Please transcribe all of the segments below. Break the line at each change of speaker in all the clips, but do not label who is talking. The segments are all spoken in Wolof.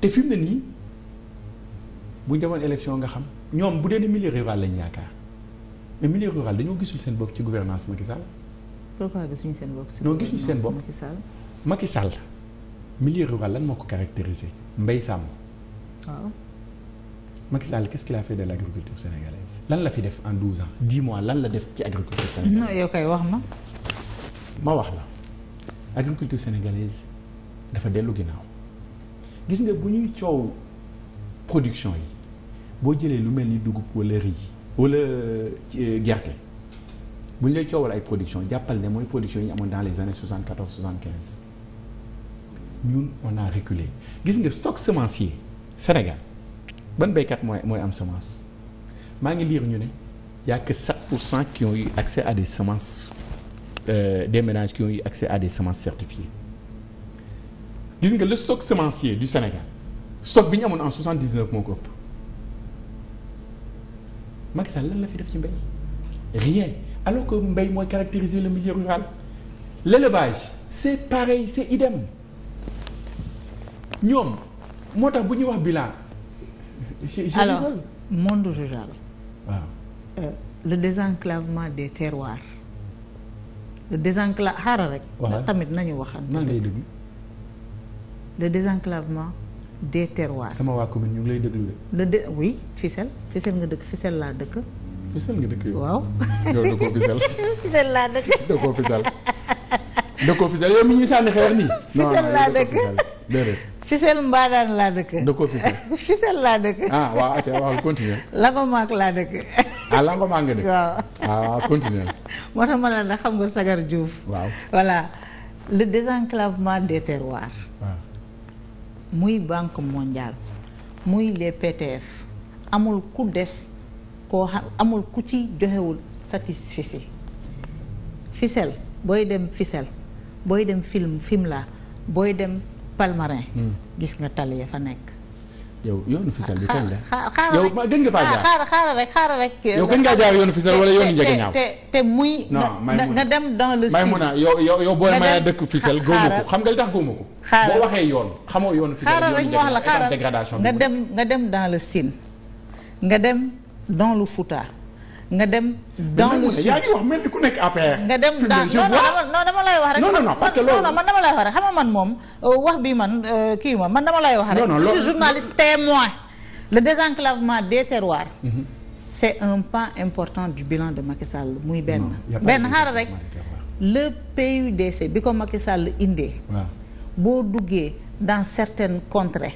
te fi mu ne nii bu demoon élection nga xam ñoom bu dee ne milieu rural lañ yaakaar mais milieu rural dañoo gisul seen bokk ci gouvernance Macky Sall. pourquoi
gisuñu seen bopp ci non seen bopp
Macky Sall. Sall milieu rural lan moo ko caractérisé mbay sàmm. waaw. Macky Sall qu'est-ce qu'il a de l'agriculture sénégalaise lan la fi def en douze ans dix mois lan la def ci agriculture sénégalaise.
non yow kay wax ma.
ma wax la agriculture sénégalaise dafa dellu ginnaaw. gis nga bu ñuy coow production yi boo jëlee lu mel ni dugub wala riz wala euh, gerte bu ñu lay coowal ay production jàppal ne mooy production yi ñu amoon dans les années 74 75 ñun on naa reculé gis nga stock semencier Sénégal ban baykat mooy mooy am semence maa ngi liir ñu ne y a que 7 pour cent qui ont eu accès à des semences euh, des ménages qui accès à des semences certifiées gis nga le stock semencier du Sénégal stock bi ñu amoon en soixante dix neuf moo ko ëpp lan la fi def ci mbéy rien alors que mbéy mooy caractériser le milieu rural l' élevage est pareil est idem ñoom moo tax bu ñuy wax bilan. alors
monde rural. waaw. Euh, le désenclavement des terroirs le désenclave xaaral rek. waaw ndax tamit nañu waxante. le désenclavement des
sama waa commune ñu ngi lay déglu de.
le dé oui Fissel Fissel nga dëkk Fissel laa dëkk.
Fissel nga dëkk yow. waaw dëkk. dëkkoo Fissel. dëkkoo sànni xeer nii. Fissel laa dëkk déedéet.
Fissel Mbadane laa dëkk. dëkkoo Fissel. Fissel laa dëkk. ah waaw ati waaw continuer. Langomaak laa dëkk.
ah Langomaak nga dëkk. waaw ah continuer.
moo tax ma ne la xam nga Sagar Diouf. waaw voilà le désenclavement des muy banque mondiale muy les PTF amul ku des koo xam amul ku ci joxewul satisfecit Fissel booy dem fisel booy dem film film la booy dem Palmarin. Hmm. gis nga tali ya fa nekk.
yow yoonu Fissel bi kañ la. xaaral yow gën nga faa jaar
xaaral rek xaaral rek. yow gën ngaa jaar yoonu Fissel wala yoonu njëge ñaaw te te muy. nga dem dans
le. sud yow yow yow boo mayee dëkk Fissel góomu ko xam nga li tax góomu ko. xaaral boo waxee yoon xamoo yoonu. xaaral rek wax la xaaral nga dem
nga dem dans le Sine nga dem dans le Fouta. nga dem. dans le sud yaa ngi wax
mel ni ku nekk APR. nga dem dans non
dama lay wax rek. non non parce que loolu non man dama lay wax rek xam nga man moom euh, wax bi man euh, kii ma man dama lay wax rek. non je suis journaliste témoin le désenclavement des terroirs. Mm-hmm. c'est un pan important du bilan de Macky Sall muy benn. benn xaaral rek le PUDC bi ko Macky Sall indee. boo duggee dans certaines contrées.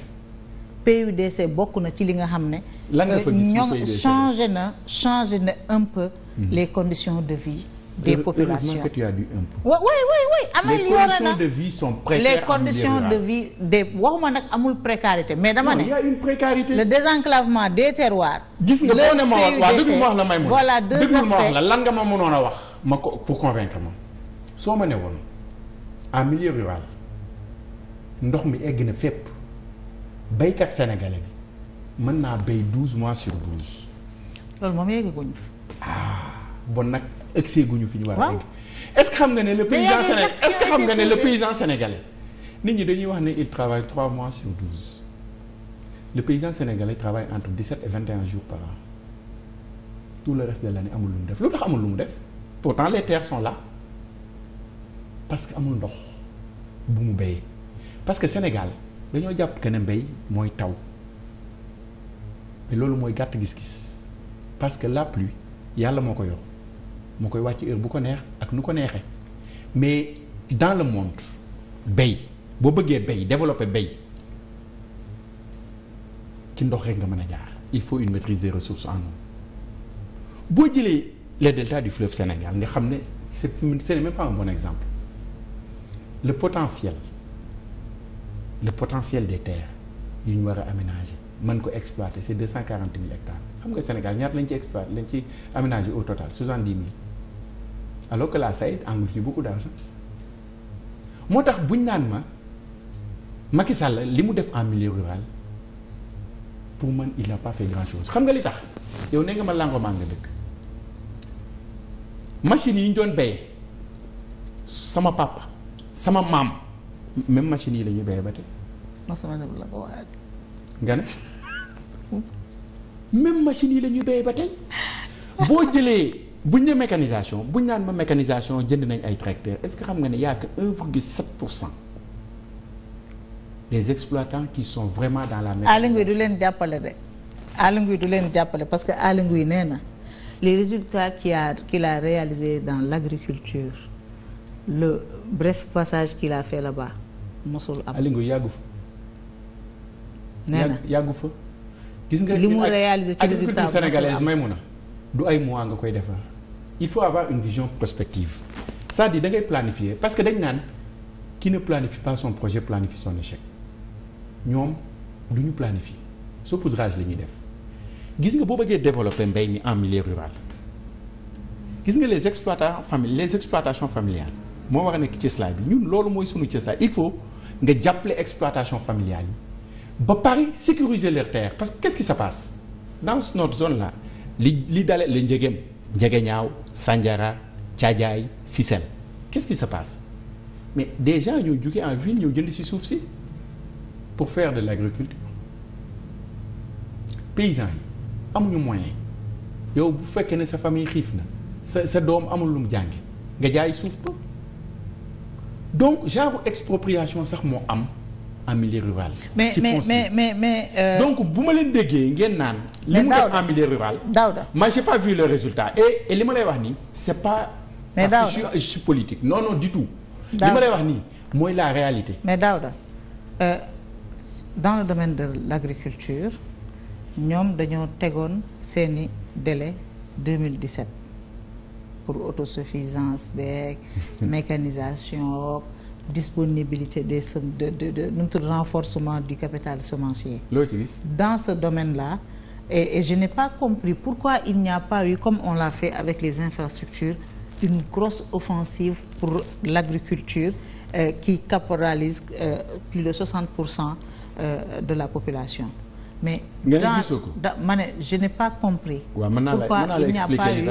PUDC bokk na ci li nga xam ne. lan nga fa gis ñoo changé na changé na un peu. Mhm. les conditions de vie. des populations
heureusement que de vie sont précaires les conditions de
vie waxuma nag amul précarité mais dama ne. il y a une le désenclavement des terroirs. gis nga boo ne ma wax la may mun la
lan nga ma mënoon wax. ma ko pour convaincre ma soo ma ne woon ndox mi egg na fépp. béykat sénégalais bi mën naa béy douze mois sur douze.
loolu moom yeggaguñu fa.
ah bon nag eggsee guñu fi ñu war a.
est-ce que xam nga ne le paysan sénégalais que xam nga ne le paysan
sénégalais nit ñi dañuy wax ne il travaille trois mois sur douze le paysan sénégalais travaille entre dix-sept et vingt et un jours par an tout le reste de l'année amul lu mu def lu tax amul lu mu def pourtant les terres sont là parce que amul ndox bu mu béy parce que Sénégal. dañoo jàpp que ne mbéy mooy taw loolu mooy gàtt gis-gis parce que la pluie yàlla moo ko yor moo koy wàcc heure bu ko neex ak nu ko neexee mais dans le monde bay boo bëggee bay développer bay ci ndox rek nga mën a jaar il faut une maîtrise des ressources en eau boo jëlee les deltas du fleuve Sénégal nga xam ne c'est c'est même pas un bon exemple le potentiel le potentiel des terres yu ñu war a aménager man ko exploiter c'est deux cent quarante mille hectares xam nga Sénégal ñaata lañ ci exploiter lañ ci aménager au total soixante dix mille alors que la SAED engloutit beaucoup d'argent moo tax buñ naan ma Macky Sall li mu def en milieu rural pour man il n'a pas fait grand chose xam nga li tax yow nee nga ma lango maa nga dëkk machine yi ñu doon béyee sama papa sama maam même machine yi la ñuy béyee ba tey. masama dem la ko waaj. nga ne même machine yi la ñuy béyee ba tey boo jëlee buñ ne mécanisation buñ naan ba mécanisation jënd nañ ay tracteurs est-ce que xam nga ne y a que 1,7 pour cent des exploitants qui son vraiment dans la. Aly
Ngouille du leen jàppale de Aly du leen jàppale parce que Aly Ngouille nee na les résultats qu'il a qu'il a réalisés dans l'agriculture le bref passage qu'il a fait là-bas mosul am. Aliou yàggu fa.
nee yàggu fa. gis nga li mu réalisé ci résultat agriculture sénégalaise may mun a du ay mois nga koy defar il faut avoir une vision prospective c'est-à-dire planifier parce que dañ naan qui ne planifie pas son projet planifie son échec ñoom du ñu planifier saupoudrage la ñuy def gis nga boo bëggee développer mbay mi en milieu rural gis nga les exploitants famille les exploitations familiales. moo war a nekk cëslaay bi ñun loolu mooy sunu cëslaay il faut nga jàppale exploitation familiale yi ba pare sécuriser leur terre parce que qu'est-ce qui se passe dans notre zone là li li dale la Njegem Njegeñaaw Sandiara Caajaay Fissel qu'est-ce qui se passe mais des gens ñoo juge en ville ñoo jënd ci suuf si pour faire de l'agriculture paysans yi amuñu moyen yow bu fekkee ne sa famille xiif na sa sa doom amul lu mu jànge nga jaay suuf ba donc genre expropriation sax moo am en milieu rural. mais mais mais mais mais. Euh... donc bu ma leen déggee ngeen naan. li mu def en milieu rural. Daouda ma j'ai pas vu le résultat et li ma lay wax nii c'est pas. mais parce politique non non du tout. li ma lay wax nii mooy la réalité.
mais Daouda euh, dans le domaine de l'agriculture ñoom dañoo tegoon seeni délai 2017. pour auto autosuffisance beeg mécanisation disponibilité des sem de de de nu mu tudd renforcement du capital semencier. loo dans ce domaine-là et et je n'ai pas compris pourquoi il n'y a pas eu comme on l'a fait avec les infrastructures une grosse offensive pour l'agriculture euh, qui caporalise euh, plus de 60 pour cent euh, de la population. mais. nga ne gisoo ko dans ma ne je n'ai pas compris.
pourquoi il n'y a pas eu.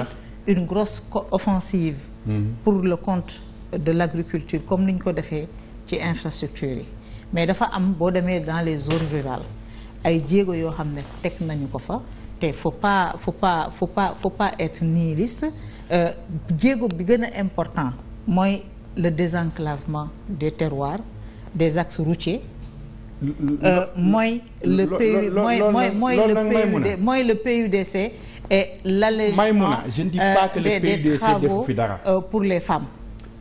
une grosse offensive mhm. pour le compte de l'agriculture comme ni ñu ko defee ci infrastructure yi mais dafa am boo demee dans les zones rurales ay jéego yoo xam ne teg nañu ko fa te faut pas faut pas faut pas faut pas être nihiliste euh, jéego bi gën a important mooy le désenclavement des terroirs des axes routiers euh, mooy le PU mooy mooy mooy le PUD mooy le PUDC et l'allègement Maïmouna, je ne dis pas que le PUDC defu fi dara euh, pour les femmes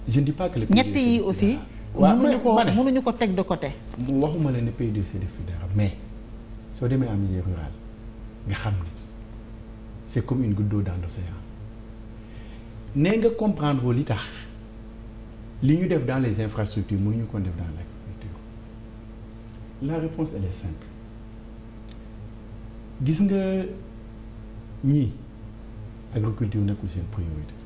je ne dis pas que le PUDC ñett yi aussi
mënuñu ko mënuñu ko teg de côté
waxuma la ne PUDC def fi dara mais soo demee en milieu rural nga xam ne c'est comme une goutte d'eau dans l'océan nee nga comprendre li tax li ñu def dans les infrastructures mënuñu ko def dans l'agriculture la réponse elle simple gis nga ñi agriculture nekkul seen priorité